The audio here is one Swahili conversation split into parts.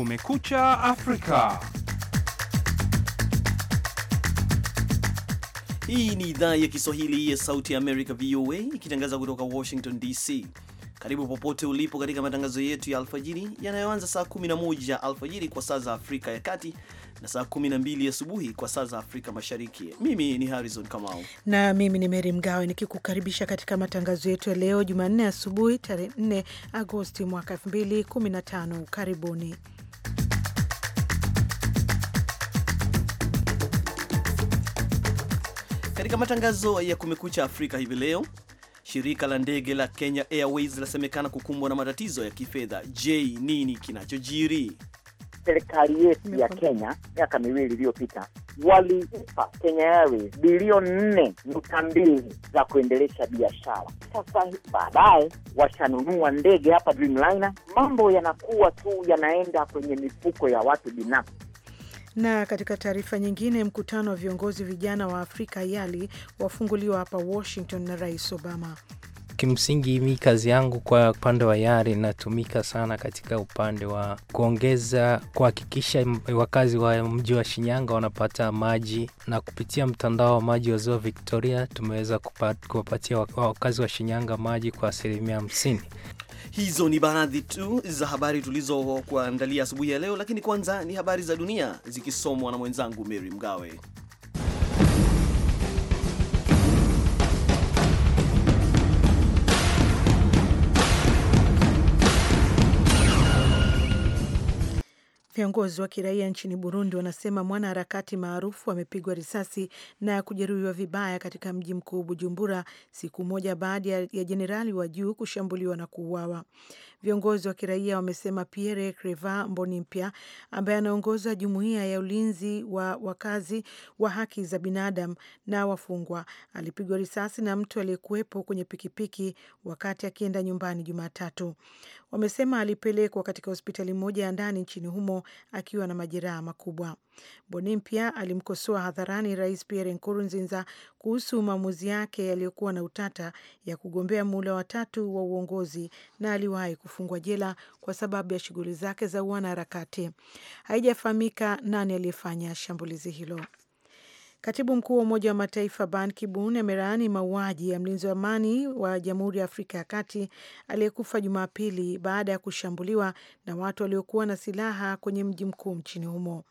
Kumekucha Afrika. Hii ni idhaa ya Kiswahili ya Sauti ya Amerika, VOA, ikitangaza kutoka Washington DC. Karibu popote ulipo katika matangazo yetu ya alfajiri yanayoanza saa 11 alfajiri kwa saa za Afrika ya Kati na saa 12 asubuhi kwa saa za Afrika Mashariki. Mimi ni Harrison Kamau na mimi ni Mary Mgawe nikikukaribisha katika matangazo yetu ya leo Jumanne asubuhi tarehe 4 Agosti mwaka 2015. Karibuni Katika matangazo ya Kumekucha Afrika hivi leo, shirika la ndege la Kenya Airways lasemekana kukumbwa na matatizo ya kifedha. Je, nini kinachojiri? Serikali yetu ya Kenya miaka miwili iliyopita waliipa Kenya Airways bilioni nne nukta mbili za kuendelesha biashara. Sasa baadaye washanunua ndege hapa Dreamliner, mambo yanakuwa tu yanaenda kwenye mifuko ya watu binafsi. Na katika taarifa nyingine, mkutano wa viongozi vijana wa Afrika YALI wafunguliwa hapa Washington na Rais Obama. Kimsingi, mi kazi yangu kwa upande wa YALI inatumika sana katika upande wa kuongeza, kuhakikisha wakazi wa mji wa Shinyanga wanapata maji, na kupitia mtandao wa maji wa ziwa Victoria tumeweza kuwapatia wakazi wa Shinyanga maji kwa asilimia hamsini. Hizo ni baadhi tu za habari tulizokuandalia asubuhi ya leo, lakini kwanza ni habari za dunia zikisomwa na mwenzangu Mary Mgawe. Viongozi wa kiraia nchini Burundi wanasema mwanaharakati maarufu amepigwa risasi na kujeruhiwa vibaya katika mji mkuu Bujumbura, siku moja baada ya jenerali wa juu kushambuliwa na kuuawa. Viongozi wa kiraia wamesema Pierre Creva Mboni mpya ambaye anaongoza jumuiya ya ulinzi wa wakazi wa haki za binadamu na wafungwa alipigwa risasi na mtu aliyekuwepo kwenye pikipiki wakati akienda nyumbani Jumatatu. Wamesema alipelekwa katika hospitali moja ya ndani nchini humo akiwa na majeraha makubwa. Mboni mpya alimkosoa hadharani Rais Pierre Nkurunziza kuhusu maamuzi yake yaliyokuwa na utata ya kugombea muhula watatu wa uongozi na aliwahi kufungwa jela kwa sababu ya shughuli zake za uanaharakati. Haijafahamika nani aliyefanya shambulizi hilo. Katibu mkuu wa Umoja wa Mataifa Ban Ki-moon amelaani mauaji ya mlinzi wa amani wa Jamhuri ya Afrika ya Kati aliyekufa Jumapili baada ya kushambuliwa na watu waliokuwa na silaha kwenye mji mkuu nchini humo.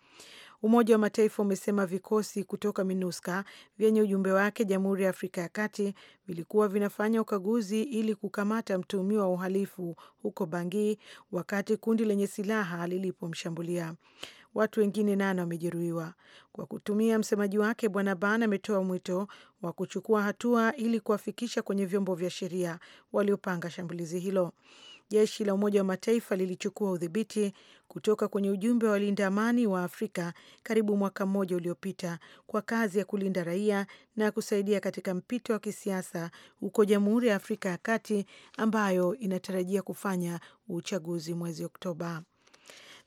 Umoja wa Mataifa umesema vikosi kutoka MINUSCA vyenye ujumbe wake Jamhuri ya Afrika ya Kati vilikuwa vinafanya ukaguzi ili kukamata mtuhumiwa wa uhalifu huko bangi wakati kundi lenye silaha lilipomshambulia. Watu wengine nane wamejeruhiwa. Kwa kutumia msemaji wake, Bwana Ban ametoa mwito wa kuchukua hatua ili kuwafikisha kwenye vyombo vya sheria waliopanga shambulizi hilo jeshi la Umoja wa Mataifa lilichukua udhibiti kutoka kwenye ujumbe wa walinda amani wa Afrika karibu mwaka mmoja uliopita kwa kazi ya kulinda raia na kusaidia katika mpito wa kisiasa huko Jamhuri ya Afrika ya Kati ambayo inatarajia kufanya uchaguzi mwezi Oktoba.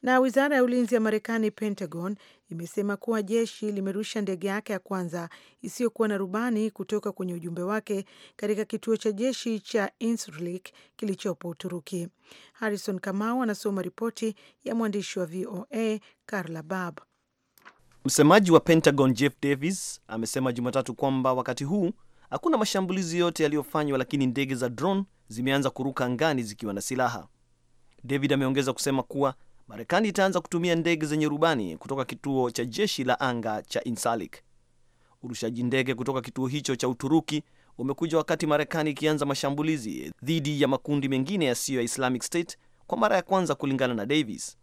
Na wizara ya ulinzi ya Marekani, Pentagon, imesema kuwa jeshi limerusha ndege yake ya kwanza isiyokuwa na rubani kutoka kwenye ujumbe wake katika kituo cha jeshi cha Incirlik kilichopo Uturuki. Harrison Kamau anasoma ripoti ya mwandishi wa VOA Karla Bab. Msemaji wa Pentagon Jeff Davis amesema Jumatatu kwamba wakati huu hakuna mashambulizi yote yaliyofanywa, lakini ndege za drone zimeanza kuruka angani zikiwa na silaha. David ameongeza kusema kuwa Marekani itaanza kutumia ndege zenye rubani kutoka kituo cha jeshi la anga cha Insalik. Urushaji ndege kutoka kituo hicho cha Uturuki umekuja wakati Marekani ikianza mashambulizi dhidi ya makundi mengine yasiyo ya Islamic State kwa mara ya kwanza. Kulingana na Davis,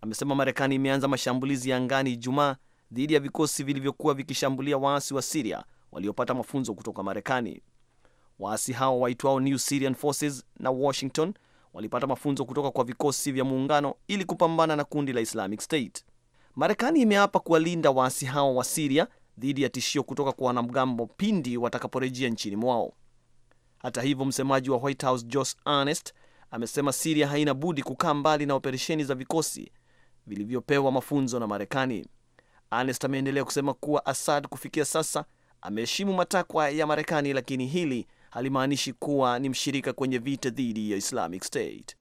amesema Marekani imeanza mashambulizi ya angani Ijumaa dhidi ya vikosi vilivyokuwa vikishambulia waasi wa Siria waliopata mafunzo kutoka Marekani. Waasi hao waitwao New Syrian Forces na Washington walipata mafunzo kutoka kwa vikosi vya muungano ili kupambana na kundi la Islamic State. Marekani imeapa kuwalinda waasi hao wa Siria dhidi ya tishio kutoka kwa wanamgambo pindi watakaporejea nchini mwao. Hata hivyo, msemaji wa White House Josh Earnest amesema Siria haina budi kukaa mbali na operesheni za vikosi vilivyopewa mafunzo na Marekani. Earnest ameendelea kusema kuwa Assad kufikia sasa ameheshimu matakwa ya Marekani, lakini hili halimaanishi kuwa ni mshirika kwenye vita dhidi ya Islamic State.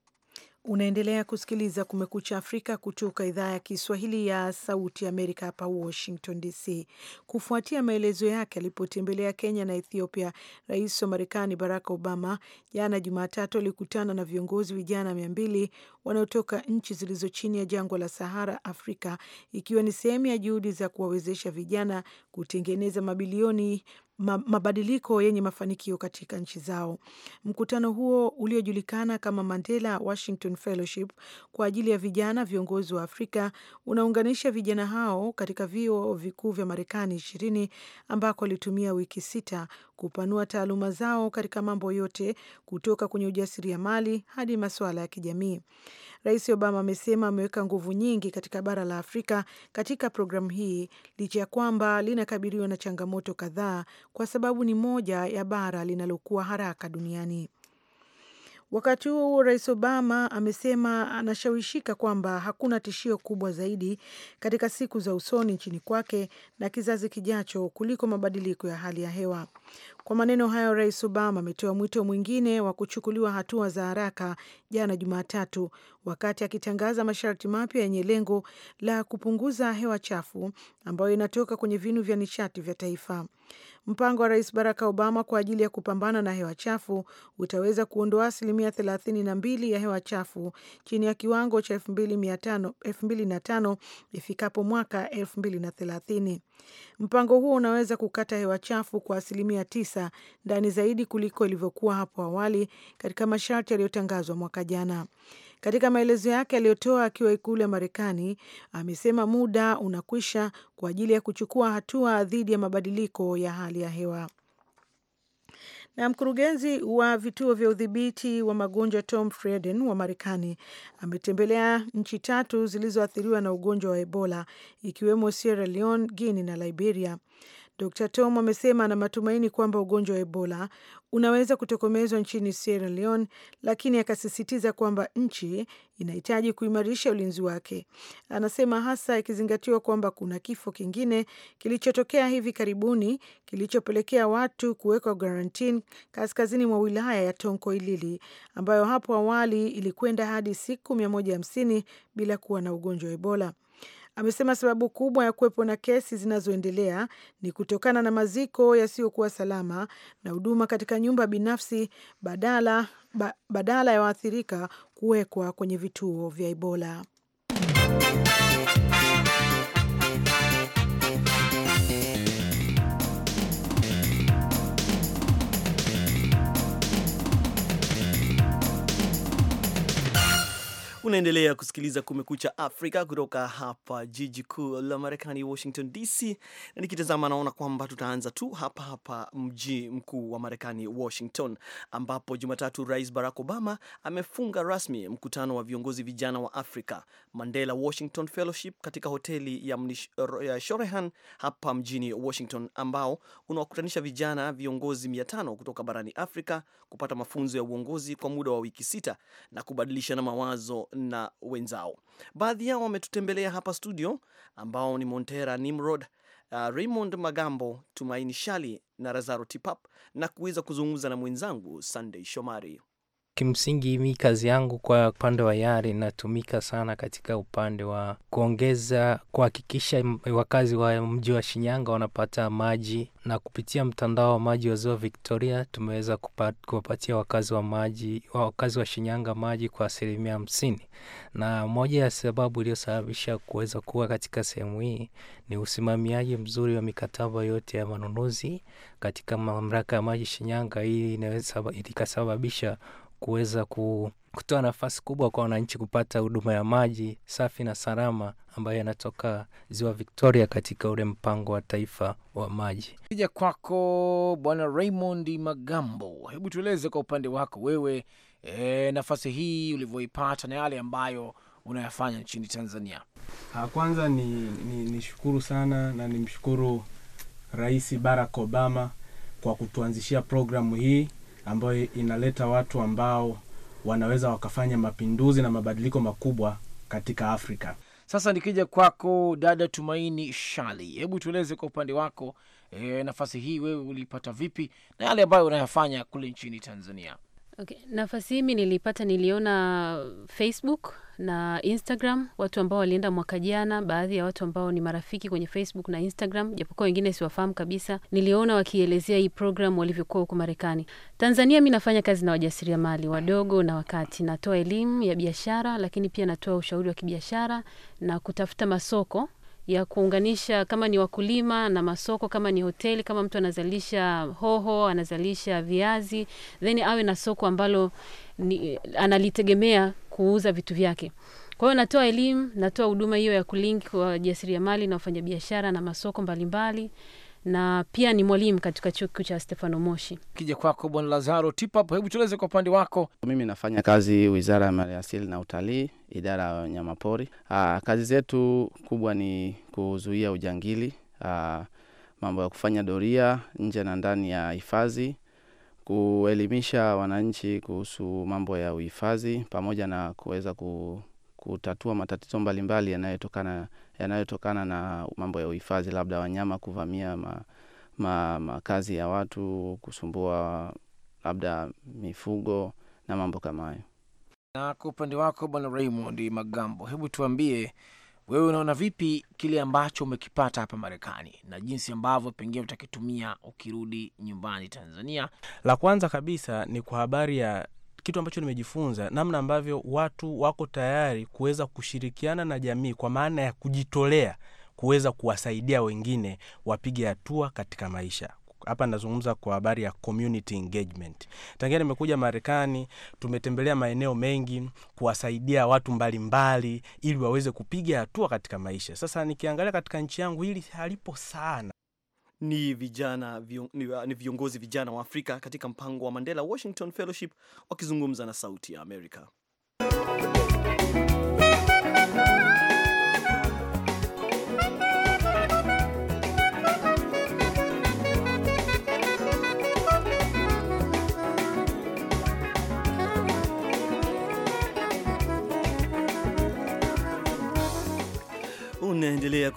Unaendelea kusikiliza Kumekucha Afrika kutoka idhaa ya Kiswahili ya Sauti Amerika, hapa Washington DC. Kufuatia maelezo yake alipotembelea Kenya na Ethiopia, rais wa Marekani Barack Obama jana Jumatatu alikutana na viongozi vijana mia mbili wanaotoka nchi zilizo chini ya jangwa la Sahara Afrika, ikiwa ni sehemu ya juhudi za kuwawezesha vijana kutengeneza mabilioni mabadiliko yenye mafanikio katika nchi zao. Mkutano huo uliojulikana kama Mandela Washington Fellowship kwa ajili ya vijana viongozi wa Afrika unaunganisha vijana hao katika vyuo vikuu vya Marekani ishirini ambako walitumia wiki sita kupanua taaluma zao katika mambo yote kutoka kwenye ujasiriamali hadi masuala ya kijamii. Rais Obama amesema ameweka nguvu nyingi katika bara la Afrika katika programu hii licha ya kwamba linakabiliwa na changamoto kadhaa, kwa sababu ni moja ya bara linalokuwa haraka duniani. Wakati huo huo, Rais Obama amesema anashawishika kwamba hakuna tishio kubwa zaidi katika siku za usoni nchini kwake na kizazi kijacho kuliko mabadiliko ya hali ya hewa. Kwa maneno hayo, Rais Obama ametoa mwito mwingine wa kuchukuliwa hatua za haraka jana Jumatatu, wakati akitangaza masharti mapya yenye lengo la kupunguza hewa chafu ambayo inatoka kwenye vinu vya nishati vya taifa. Mpango wa Rais Barack Obama kwa ajili ya kupambana na hewa chafu utaweza kuondoa asilimia thelathini na mbili ya hewa chafu chini ya kiwango cha elfu mbili na tano ifikapo mwaka elfu mbili na thelathini. Mpango huo unaweza kukata hewa chafu kwa asilimia tisa ndani zaidi kuliko ilivyokuwa hapo awali katika masharti yaliyotangazwa mwaka jana. Katika maelezo yake aliyotoa akiwa ikulu ya Marekani, amesema muda unakwisha kwa ajili ya kuchukua hatua dhidi ya mabadiliko ya hali ya hewa. Na mkurugenzi wa vituo vya udhibiti wa magonjwa Tom Frieden wa Marekani ametembelea nchi tatu zilizoathiriwa na ugonjwa wa Ebola ikiwemo Sierra Leone, Guinea na Liberia d Tom amesema ana matumaini kwamba ugonjwa wa Ebola unaweza kutokomezwa nchini Sierra Leone, lakini akasisitiza kwamba nchi inahitaji kuimarisha ulinzi wake. Anasema hasa ikizingatiwa kwamba kuna kifo kingine kilichotokea hivi karibuni kilichopelekea watu kuwekwa garantini kaskazini mwa wilaya ya tonko ilili ambayo hapo awali ilikwenda hadi siku 150 bila kuwa na ugonjwa wa Ebola amesema sababu kubwa ya kuwepo na kesi zinazoendelea ni kutokana na maziko yasiyokuwa salama na huduma katika nyumba binafsi badala, ba, badala ya waathirika kuwekwa kwenye vituo vya Ebola. Unaendelea kusikiliza Kumekucha Afrika kutoka hapa jiji kuu la Marekani, Washington DC, na nikitazama naona kwamba tutaanza tu hapa hapa mji mkuu wa Marekani, Washington, ambapo Jumatatu Rais Barack Obama amefunga rasmi mkutano wa viongozi vijana wa Afrika, Mandela Washington Fellowship, katika hoteli ya ya Shorehan hapa mjini Washington, ambao unawakutanisha vijana viongozi mia tano kutoka barani Afrika kupata mafunzo ya uongozi kwa muda wa wiki sita na kubadilishana mawazo na wenzao. Baadhi yao wametutembelea hapa studio, ambao ni Montera Nimrod, uh, Raymond Magambo, Tumaini Shali na Razaro Tipap, na kuweza kuzungumza na mwenzangu Sunday Shomari. Kimsingi mi kazi yangu kwa upande wa yari inatumika sana katika upande wa kuongeza kuhakikisha wakazi wa mji wa Shinyanga wanapata maji na kupitia mtandao wa maji wa ziwa Victoria tumeweza kuwapatia wakazi wa maji wakazi wa Shinyanga maji kwa asilimia hamsini, na moja ya sababu iliyosababisha kuweza kuwa katika sehemu hii ni usimamiaji mzuri wa mikataba yote ya manunuzi katika mamlaka ya maji Shinyanga. Hii ikasababisha kuweza kutoa nafasi kubwa kwa wananchi kupata huduma ya maji safi na salama ambayo yanatoka ziwa Victoria katika ule mpango wa taifa wa maji. Kija kwako Bwana Raymond Magambo, hebu tueleze kwa upande wako wewe, e, nafasi hii ulivyoipata na yale ambayo unayafanya nchini Tanzania. Ah, kwanza ni, ni, ni shukuru sana na nimshukuru Rais Barack Obama kwa kutuanzishia programu hii ambayo inaleta watu ambao wanaweza wakafanya mapinduzi na mabadiliko makubwa katika Afrika. Sasa nikija kwako dada Tumaini Shali, hebu tueleze kwa upande wako e, nafasi hii wewe uliipata vipi na yale ambayo unayafanya kule nchini Tanzania? Okay, nafasi hii mi niliipata, niliona Facebook na Instagram, watu ambao walienda mwaka jana, baadhi ya watu ambao ni marafiki kwenye Facebook na Instagram, japokuwa wengine siwafahamu kabisa, niliona wakielezea hii program walivyokuwa huko Marekani. Tanzania mi nafanya kazi na wajasiriamali wadogo na wakati, natoa elimu ya biashara, lakini pia natoa ushauri wa kibiashara na kutafuta masoko ya kuunganisha kama ni wakulima na masoko, kama ni hoteli, kama mtu anazalisha hoho, anazalisha viazi, then awe na soko ambalo ni, analitegemea kuuza vitu vyake. Kwa hiyo natoa elimu, natoa huduma hiyo ya kulinki kwa mali na wafanyabiashara na masoko mbalimbali na pia ni mwalimu katika chuo kikuu cha Stefano Moshi. Kija kwako Bwana Lazaro Tipap, hebu tueleze kwa upande wako. Mimi nafanya kazi wizara ya maliasili na utalii, idara ya wanyamapori. Ah, kazi zetu kubwa ni kuzuia ujangili, aa, ah, mambo ya kufanya doria nje na ndani ya hifadhi kuelimisha wananchi kuhusu mambo ya uhifadhi pamoja na kuweza kutatua matatizo mbalimbali yanayotokana yanayotokana na mambo ya uhifadhi, labda wanyama kuvamia makazi ma, makazi ya watu, kusumbua labda mifugo na mambo kama hayo. Na kwa upande wako Bwana Raymond Magambo, hebu tuambie wewe unaona vipi kile ambacho umekipata hapa Marekani na jinsi ambavyo pengine utakitumia ukirudi nyumbani Tanzania? La kwanza kabisa ni kwa habari ya kitu ambacho nimejifunza, namna ambavyo watu wako tayari kuweza kushirikiana na jamii kwa maana ya kujitolea kuweza kuwasaidia wengine wapige hatua katika maisha hapa nazungumza kwa habari ya community engagement. Tangia nimekuja Marekani, tumetembelea maeneo mengi kuwasaidia watu mbalimbali mbali, ili waweze kupiga hatua katika maisha. Sasa nikiangalia katika nchi yangu hili halipo sana. Ni vijana vion, ni, viongozi vijana wa Afrika katika mpango wa Mandela Washington Fellowship wakizungumza na Sauti ya Amerika.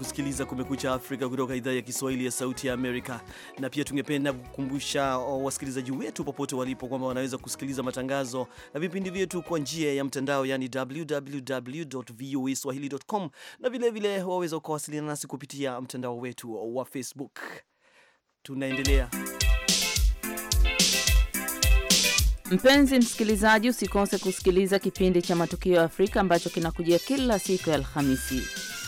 kusikiliza Kumekucha Afrika kutoka idhaa ya Kiswahili ya Sauti ya Amerika. Na pia tungependa kukumbusha uh, wasikilizaji wetu popote walipo kwamba wanaweza kusikiliza matangazo na vipindi vyetu kwa njia ya mtandao, yani swahili.com, na vilevile waweza ukawasiliana nasi kupitia mtandao wetu wa Facebook. Tunaendelea. Mpenzi msikilizaji, usikose kusikiliza kipindi cha Matukio ya Afrika ambacho kinakujia kila siku ya Alhamisi.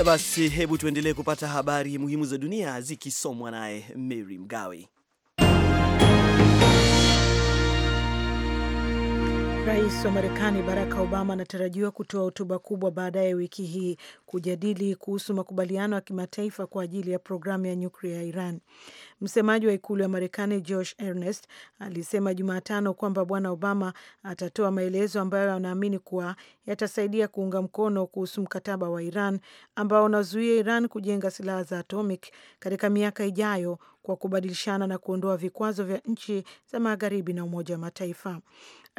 Na basi hebu tuendelee kupata habari muhimu za dunia zikisomwa naye Mary Mgawe. Rais wa Marekani Barack Obama anatarajiwa kutoa hotuba kubwa baadaye wiki hii kujadili kuhusu makubaliano ya kimataifa kwa ajili ya programu ya nyuklia ya Iran. Msemaji wa ikulu ya Marekani Josh Ernest alisema Jumatano kwamba Bwana Obama atatoa maelezo ambayo anaamini kuwa yatasaidia kuunga mkono kuhusu mkataba wa Iran ambao unazuia Iran kujenga silaha za atomic katika miaka ijayo kwa kubadilishana na kuondoa vikwazo vya nchi za magharibi na Umoja wa Mataifa.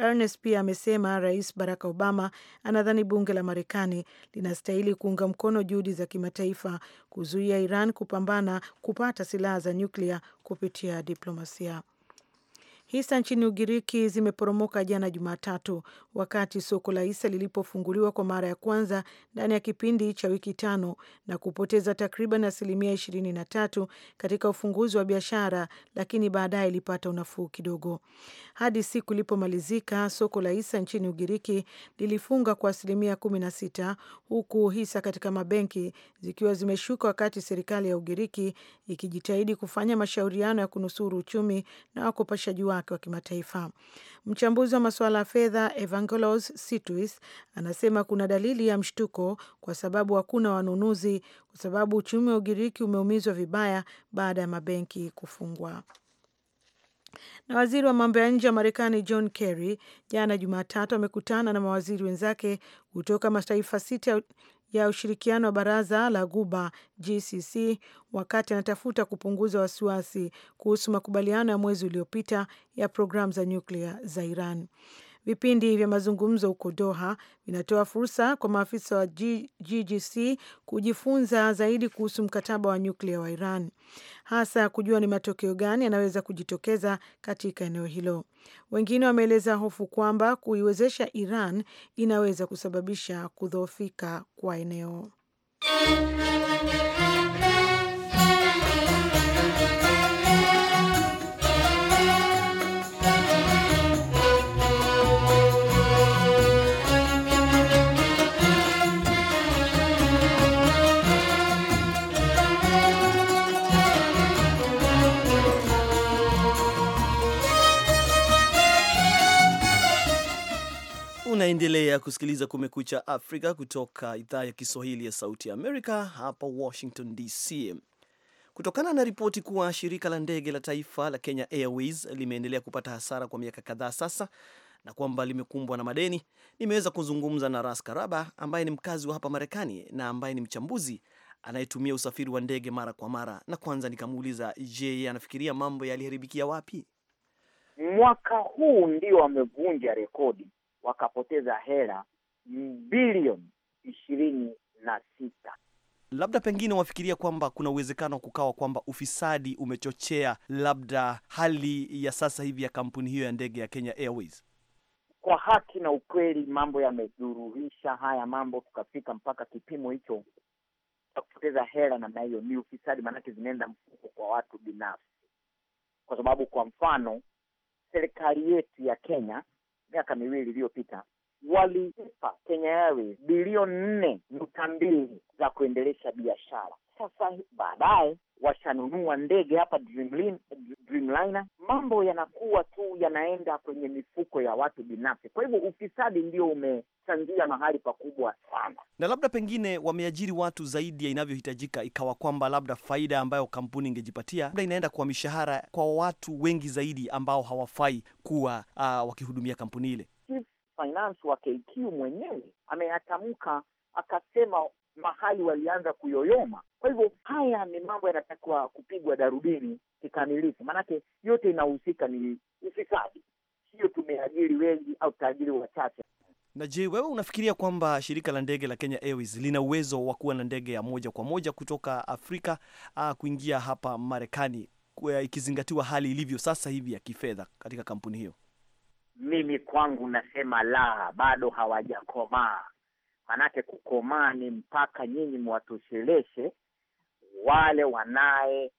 Ernest pia amesema Rais Barack Obama anadhani bunge la Marekani linastahili kuunga mkono juhudi za kimataifa kuzuia Iran kupambana kupata silaha za nyuklia kupitia diplomasia. Hisa nchini Ugiriki zimeporomoka jana Jumatatu wakati soko la hisa lilipofunguliwa kwa mara ya kwanza ndani ya kipindi cha wiki tano na kupoteza takriban asilimia ishirini na tatu katika ufunguzi wa biashara, lakini baadaye ilipata unafuu kidogo. Hadi siku ilipomalizika, soko la hisa nchini Ugiriki lilifunga kwa asilimia kumi na sita huku hisa katika mabenki zikiwa zimeshuka wakati serikali ya Ugiriki ikijitahidi kufanya mashauriano ya kunusuru uchumi na wakopeshaji wake wake wa kimataifa. Mchambuzi wa masuala ya fedha Evangelos Situis anasema kuna dalili ya mshtuko kwa sababu hakuna wanunuzi, kwa sababu uchumi wa Ugiriki umeumizwa vibaya baada ya mabenki kufungwa na waziri wa mambo ya nje wa Marekani John Kerry jana Jumatatu amekutana na mawaziri wenzake kutoka mataifa sita ya ushirikiano wa baraza la Guba GCC wakati anatafuta kupunguza wasiwasi kuhusu makubaliano ya mwezi uliopita ya programu za nyuklia za Iran. Vipindi vya mazungumzo huko Doha vinatoa fursa kwa maafisa wa ggc kujifunza zaidi kuhusu mkataba wa nyuklia wa Iran, hasa kujua ni matokeo gani yanaweza kujitokeza katika eneo hilo. Wengine wameeleza hofu kwamba kuiwezesha Iran inaweza kusababisha kudhoofika kwa eneo. Unaendelea kusikiliza Kumekucha Afrika kutoka idhaa ya Kiswahili ya Sauti ya Amerika hapa Washington DC. Kutokana na ripoti kuwa shirika la ndege la taifa la Kenya Airways limeendelea kupata hasara kwa miaka kadhaa sasa na kwamba limekumbwa na madeni, nimeweza kuzungumza na Ras Karaba ambaye ni mkazi wa hapa Marekani na ambaye ni mchambuzi anayetumia usafiri wa ndege mara kwa mara, na kwanza nikamuuliza, je, anafikiria mambo yaliharibikia wapi? Mwaka huu ndio amevunja rekodi wakapoteza hela bilioni ishirini na sita. Labda pengine wafikiria kwamba kuna uwezekano wa kukawa kwamba ufisadi umechochea labda hali ya sasa hivi ya kampuni hiyo ya ndege ya Kenya Airways. Kwa haki na ukweli, mambo yamedhuruhisha haya mambo, tukafika mpaka kipimo hicho cha kupoteza hela namna hiyo. Ni ufisadi, maanake zinaenda mfuko kwa watu binafsi, kwa sababu kwa mfano serikali yetu ya Kenya miaka miwili iliyopita waliipa Kenya Airways bilioni nne nukta mbili za kuendelesha biashara. Sasa baadaye washanunua ndege hapa Dreamlin, Dreamliner. Mambo yanakuwa tu yanaenda kwenye mifuko ya watu binafsi. Kwa hivyo ufisadi ndio umechangia mahali pakubwa sana, na labda pengine wameajiri watu zaidi ya inavyohitajika, ikawa kwamba labda faida ambayo kampuni ingejipatia labda inaenda kwa mishahara kwa watu wengi zaidi ambao hawafai kuwa uh, wakihudumia kampuni ile. Chief Finance wa KQ mwenyewe ameyatamka akasema mahali walianza kuyoyoma. Kwa hivyo haya ni mambo yanatakiwa kupigwa darubini kikamilifu, maanake yote inahusika ni ufisadi, sio tumeajiri wengi au tutaajiri wachache. Na je, wewe unafikiria kwamba shirika la ndege la Kenya Airways lina uwezo wa kuwa na ndege ya moja kwa moja kutoka Afrika a, ah, kuingia hapa Marekani ikizingatiwa hali ilivyo sasa hivi ya kifedha katika kampuni hiyo? Mimi kwangu nasema la, bado hawajakomaa manake kukomaa ni mpaka nyinyi mwatosheleshe wale wanaye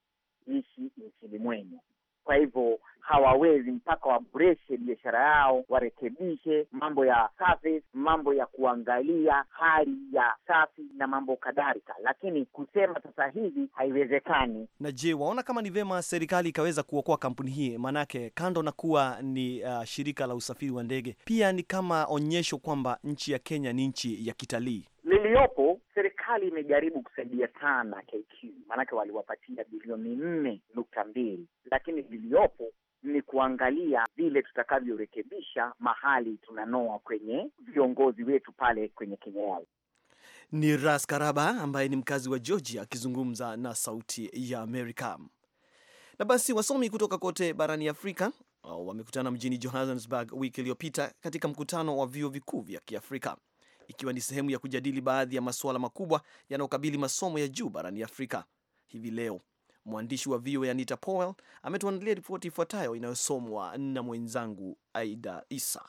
ishi nchini mwenu. Kwa hivyo hawawezi mpaka waboreshe biashara yao, warekebishe mambo ya service, mambo ya kuangalia hali ya safi na mambo kadhalika, lakini kusema sasa hivi haiwezekani. Na je, waona kama ni vyema serikali ikaweza kuokoa kampuni hii? Maanake kando na kuwa ni uh, shirika la usafiri wa ndege, pia ni kama onyesho kwamba nchi ya Kenya ni nchi ya kitalii liliyopo serikali imejaribu kusaidia sana KQ, maanake waliwapatia bilioni nne nukta mbili, lakini liliyopo ni kuangalia vile tutakavyorekebisha mahali tunanoa kwenye viongozi wetu pale kwenye Kenya. Ni Ras Karaba ambaye ni mkazi wa Georgia akizungumza na Sauti ya Amerika. Na basi wasomi kutoka kote barani Afrika wamekutana mjini Johannesburg wiki iliyopita katika mkutano wa vyuo vikuu vya Kiafrika ikiwa ni sehemu ya kujadili baadhi ya masuala makubwa yanayokabili masomo ya juu barani Afrika hivi leo. Mwandishi wa VOA Anita Powell ametuandalia ripoti ifuatayo inayosomwa na mwenzangu Aida Isa.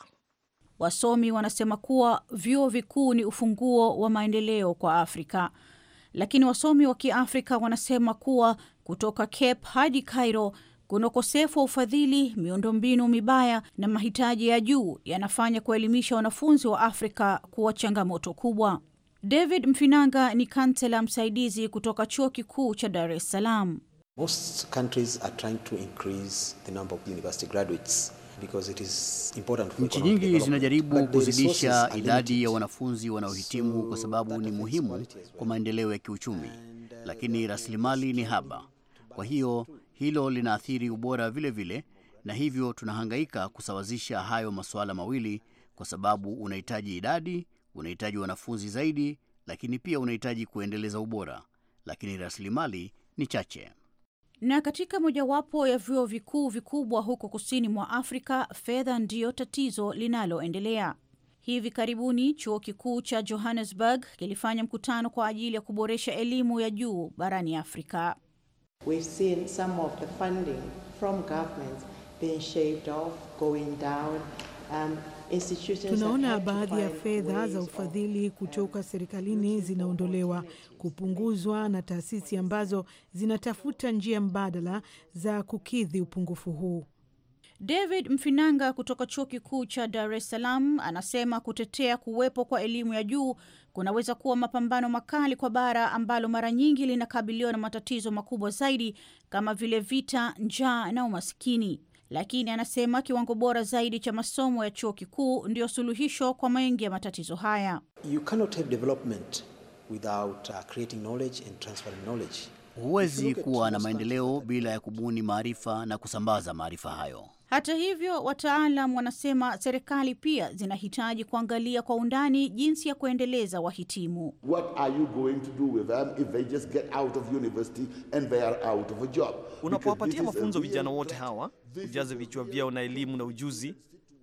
Wasomi wanasema kuwa vyuo vikuu ni ufunguo wa maendeleo kwa Afrika, lakini wasomi wa Kiafrika wanasema kuwa kutoka Cape hadi Cairo kuna ukosefu wa ufadhili, miundombinu mibaya na mahitaji ya juu yanafanya kuelimisha wanafunzi wa Afrika kuwa changamoto kubwa. David Mfinanga ni kansela msaidizi kutoka Chuo Kikuu cha Dar es Salaam. Most countries are trying to increase the number of university graduates. Nchi nyingi zinajaribu kuzidisha idadi ya wanafunzi wanaohitimu kwa sababu ni muhimu kwa maendeleo ya kiuchumi, uh, lakini rasilimali ni haba. Kwa hiyo hilo linaathiri ubora vile vile, na hivyo tunahangaika kusawazisha hayo masuala mawili, kwa sababu unahitaji idadi, unahitaji wanafunzi zaidi, lakini pia unahitaji kuendeleza ubora, lakini rasilimali ni chache. Na katika mojawapo ya vyuo vikuu vikubwa huko kusini mwa Afrika, fedha ndiyo tatizo linaloendelea. Hivi karibuni chuo kikuu cha Johannesburg kilifanya mkutano kwa ajili ya kuboresha elimu ya juu barani Afrika. We've seen some of the funding from governments being shaved off, going down. Um, Tunaona baadhi ya fedha za ufadhili kutoka um, serikalini zinaondolewa, kupunguzwa na taasisi ambazo zinatafuta njia mbadala za kukidhi upungufu huu. David Mfinanga kutoka Chuo Kikuu cha Dar es Salaam anasema kutetea kuwepo kwa elimu ya juu kunaweza kuwa mapambano makali kwa bara ambalo mara nyingi linakabiliwa na matatizo makubwa zaidi kama vile vita, njaa na umaskini. Lakini anasema kiwango bora zaidi cha masomo ya chuo kikuu ndiyo suluhisho kwa mengi ya matatizo haya. You cannot have development without uh, creating knowledge and transferring knowledge. Huwezi kuwa na maendeleo bila ya kubuni maarifa na kusambaza maarifa hayo. Hata hivyo, wataalam wanasema serikali pia zinahitaji kuangalia kwa undani jinsi ya kuendeleza wahitimu. Unapowapatia mafunzo vijana wote hawa, ujaze vichwa vyao na elimu na ujuzi,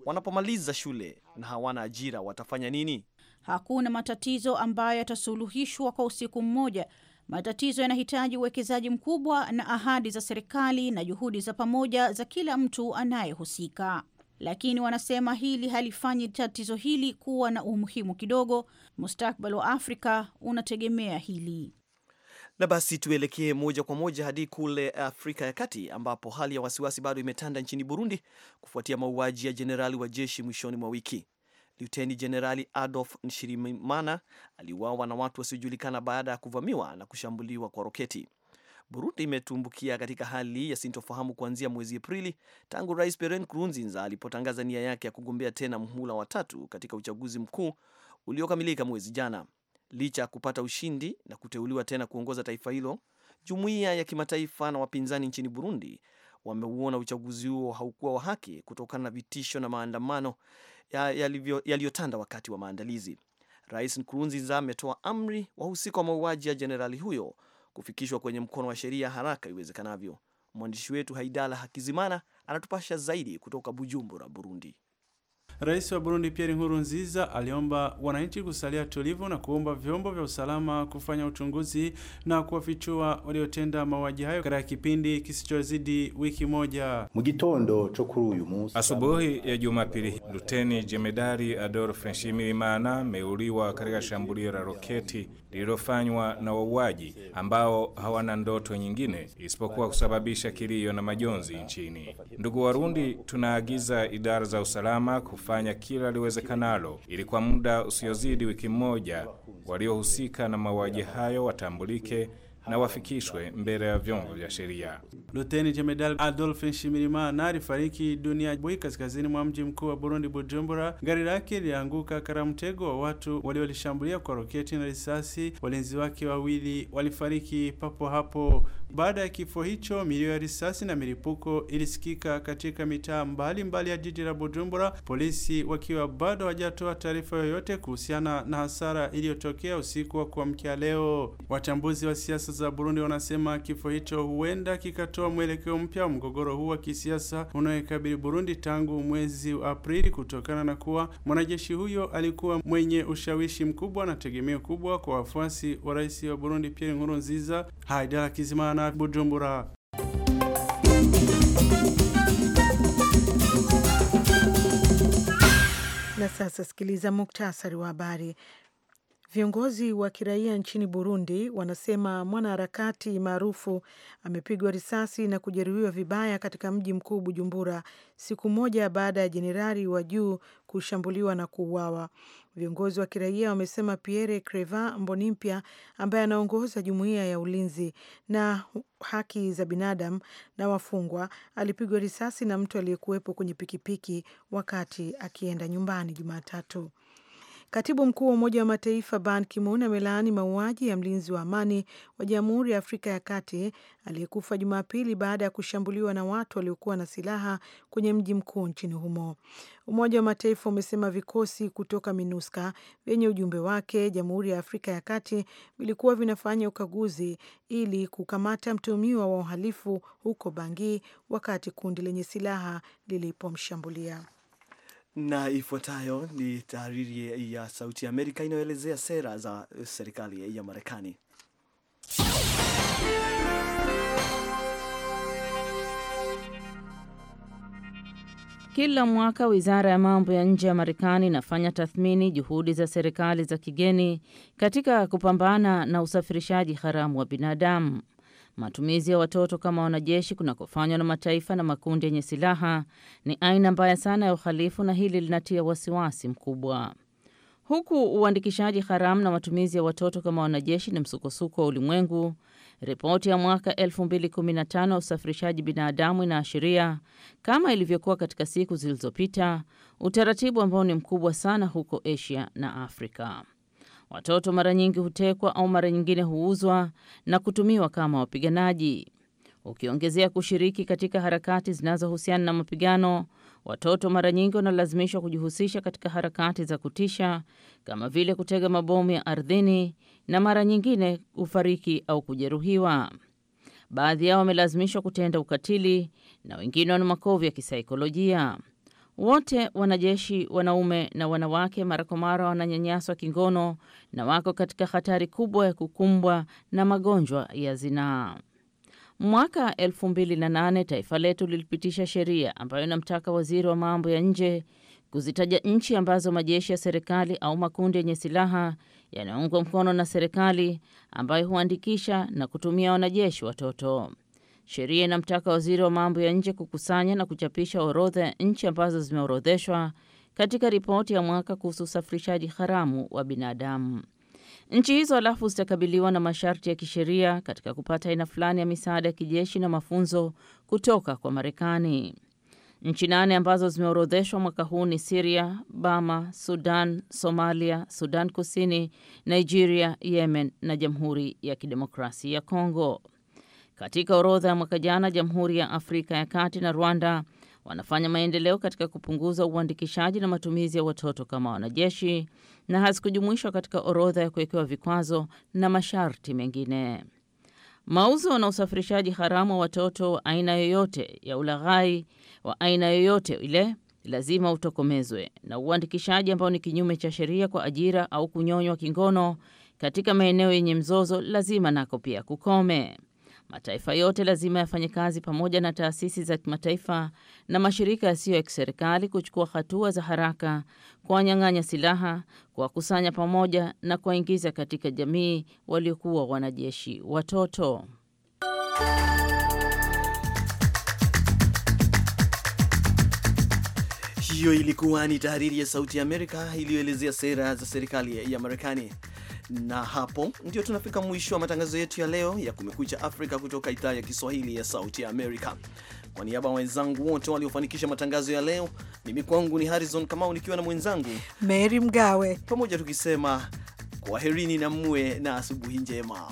wanapomaliza shule na hawana ajira, watafanya nini? Hakuna matatizo ambayo yatasuluhishwa kwa usiku mmoja. Matatizo yanahitaji uwekezaji mkubwa na ahadi za serikali na juhudi za pamoja za kila mtu anayehusika. Lakini wanasema hili halifanyi tatizo hili kuwa na umuhimu kidogo. mustakbal wa Afrika unategemea hili. Na basi tuelekee moja kwa moja hadi kule Afrika ya Kati, ambapo hali ya wasiwasi bado imetanda nchini Burundi kufuatia mauaji ya jenerali wa jeshi mwishoni mwa wiki. Luteni Jenerali Adolf Nshirimana aliuawa na watu wasiojulikana baada ya kuvamiwa na kushambuliwa kwa roketi. Burundi imetumbukia katika hali ya sintofahamu kuanzia mwezi Aprili tangu Rais Pierre Nkurunziza alipotangaza nia yake ya kugombea tena mhula wa tatu katika uchaguzi mkuu uliokamilika mwezi jana. Licha ya kupata ushindi na kuteuliwa tena kuongoza taifa hilo, jumuiya ya kimataifa na wapinzani nchini Burundi wameuona uchaguzi huo haukuwa wa haki kutokana na vitisho na maandamano yaliyotanda wakati wa maandalizi. Rais Nkurunziza ametoa amri wahusika wa mauaji ya jenerali huyo kufikishwa kwenye mkono wa sheria haraka iwezekanavyo. Mwandishi wetu Haidala Hakizimana anatupasha zaidi kutoka Bujumbura, Burundi. Rais wa Burundi Pierre Nkurunziza aliomba wananchi kusalia tulivu na kuomba vyombo vya usalama kufanya uchunguzi na kuwafichua waliotenda mauaji hayo katika kipindi kisichozidi wiki moja. Mugitondo cho kuri uyu munsi, asubuhi ya Jumapili, Luteni Jemedari Adolphe Nshimirimana meuliwa katika shambulio la roketi lililofanywa na wauaji ambao hawana ndoto nyingine isipokuwa kusababisha kilio na majonzi nchini. Ndugu Warundi, tunaagiza idara za usalama kufanya kila liwezekanalo ili kwa muda usiozidi wiki moja waliohusika na mauaji hayo watambulike na wafikishwe mbele ya vyombo vya sheria. Luteni Jemedali Adolphe Nshimirimana alifariki dunia bui kaskazini mwa mji mkuu wa Burundi, Bujumbura. Gari lake lilianguka kara mtego wa watu waliolishambulia kwa roketi na risasi. Walinzi wake wawili walifariki papo hapo. Baada ya kifo hicho, milio ya risasi na milipuko ilisikika katika mitaa mbalimbali ya jiji la Bujumbura, polisi wakiwa bado hawajatoa taarifa yoyote kuhusiana na hasara iliyotokea usiku wa kuamkia leo. Wachambuzi wa siasa siasa za Burundi wanasema kifo hicho huenda kikatoa mwelekeo mpya wa mgogoro huu wa kisiasa unaoikabili Burundi tangu mwezi wa Aprili, kutokana na kuwa mwanajeshi huyo alikuwa mwenye ushawishi mkubwa na tegemeo kubwa kwa wafuasi wa rais wa Burundi Pierre Nkurunziza. Haidara Kizimana, Bujumbura. Na sasa sikiliza muktasari wa habari. Viongozi wa kiraia nchini Burundi wanasema mwanaharakati maarufu amepigwa risasi na kujeruhiwa vibaya katika mji mkuu Bujumbura, siku moja baada ya jenerali wa juu kushambuliwa na kuuawa. Viongozi wa kiraia wamesema Pierre creva Mbonimpya ambaye anaongoza jumuiya ya ulinzi na haki za binadamu na wafungwa alipigwa risasi na mtu aliyekuwepo kwenye pikipiki wakati akienda nyumbani Jumatatu. Katibu mkuu wa Umoja wa Mataifa Ban Ki-moon amelaani mauaji ya mlinzi wa amani wa Jamhuri ya Afrika ya Kati aliyekufa Jumapili baada ya kushambuliwa na watu waliokuwa na silaha kwenye mji mkuu nchini humo. Umoja wa Mataifa umesema vikosi kutoka MINUSCA vyenye ujumbe wake Jamhuri ya Afrika ya Kati vilikuwa vinafanya ukaguzi ili kukamata mtuhumiwa wa uhalifu huko bangi wakati kundi lenye silaha lilipomshambulia na ifuatayo ni tahariri ya Sauti ya Amerika inayoelezea sera za eh, serikali ya Marekani. Kila mwaka wizara ya mambo ya nje ya Marekani inafanya tathmini juhudi za serikali za kigeni katika kupambana na usafirishaji haramu wa binadamu. Matumizi ya watoto kama wanajeshi kunakofanywa na mataifa na makundi yenye silaha ni aina mbaya sana ya uhalifu, na hili linatia wasiwasi mkubwa. Huku uandikishaji haramu na matumizi ya watoto kama wanajeshi ni msukosuko wa ulimwengu. Ripoti ya mwaka 2015 ya usafirishaji binadamu inaashiria, kama ilivyokuwa katika siku zilizopita, utaratibu ambao ni mkubwa sana huko Asia na Afrika. Watoto mara nyingi hutekwa au mara nyingine huuzwa na kutumiwa kama wapiganaji. Ukiongezea kushiriki katika harakati zinazohusiana na mapigano, watoto mara nyingi wanalazimishwa kujihusisha katika harakati za kutisha kama vile kutega mabomu ya ardhini na mara nyingine hufariki au kujeruhiwa. Baadhi yao wamelazimishwa kutenda ukatili na wengine wana makovu ya kisaikolojia. Wote wanajeshi wanaume na wanawake mara kwa mara wananyanyaswa kingono na wako katika hatari kubwa ya kukumbwa na magonjwa ya zinaa. Mwaka 2008 taifa letu lilipitisha sheria ambayo inamtaka waziri wa mambo ya nje kuzitaja nchi ambazo majeshi ya serikali au makundi yenye silaha yanayoungwa mkono na serikali ambayo huandikisha na kutumia wanajeshi watoto. Sheria inamtaka waziri wa mambo ya nje kukusanya na kuchapisha orodha ya nchi ambazo zimeorodheshwa katika ripoti ya mwaka kuhusu usafirishaji haramu wa binadamu. Nchi hizo halafu zitakabiliwa na masharti ya kisheria katika kupata aina fulani ya misaada ya kijeshi na mafunzo kutoka kwa Marekani. Nchi nane ambazo zimeorodheshwa mwaka huu ni Siria, Bama, Sudan, Somalia, Sudan Kusini, Nigeria, Yemen na Jamhuri ya Kidemokrasia ya Kongo. Katika orodha ya mwaka jana, Jamhuri ya Afrika ya Kati na Rwanda wanafanya maendeleo katika kupunguza uandikishaji na matumizi ya watoto kama wanajeshi na hazikujumuishwa katika orodha ya kuwekewa vikwazo na masharti mengine. Mauzo na usafirishaji haramu wa watoto wa aina yoyote ya ulaghai wa aina yoyote ile lazima utokomezwe, na uandikishaji ambao ni kinyume cha sheria kwa ajira au kunyonywa kingono katika maeneo yenye mzozo lazima nako pia kukome. Mataifa yote lazima yafanye kazi pamoja na taasisi za kimataifa na mashirika yasiyo ya kiserikali kuchukua hatua za haraka kuwanyang'anya silaha, kuwakusanya pamoja na kuwaingiza katika jamii waliokuwa wanajeshi watoto. Hiyo ilikuwa ni tahariri ya Sauti ya Amerika iliyoelezea sera za serikali ya Marekani na hapo ndio tunafika mwisho wa matangazo yetu ya leo ya Kumekucha Afrika kutoka idhaa ya Kiswahili ya Sauti ya Amerika. Kwa niaba ya wenzangu wote waliofanikisha matangazo ya leo, mimi kwangu ni Harrison Kamau nikiwa na mwenzangu Mary Mgawe, pamoja tukisema kwaherini na mwe na asubuhi njema.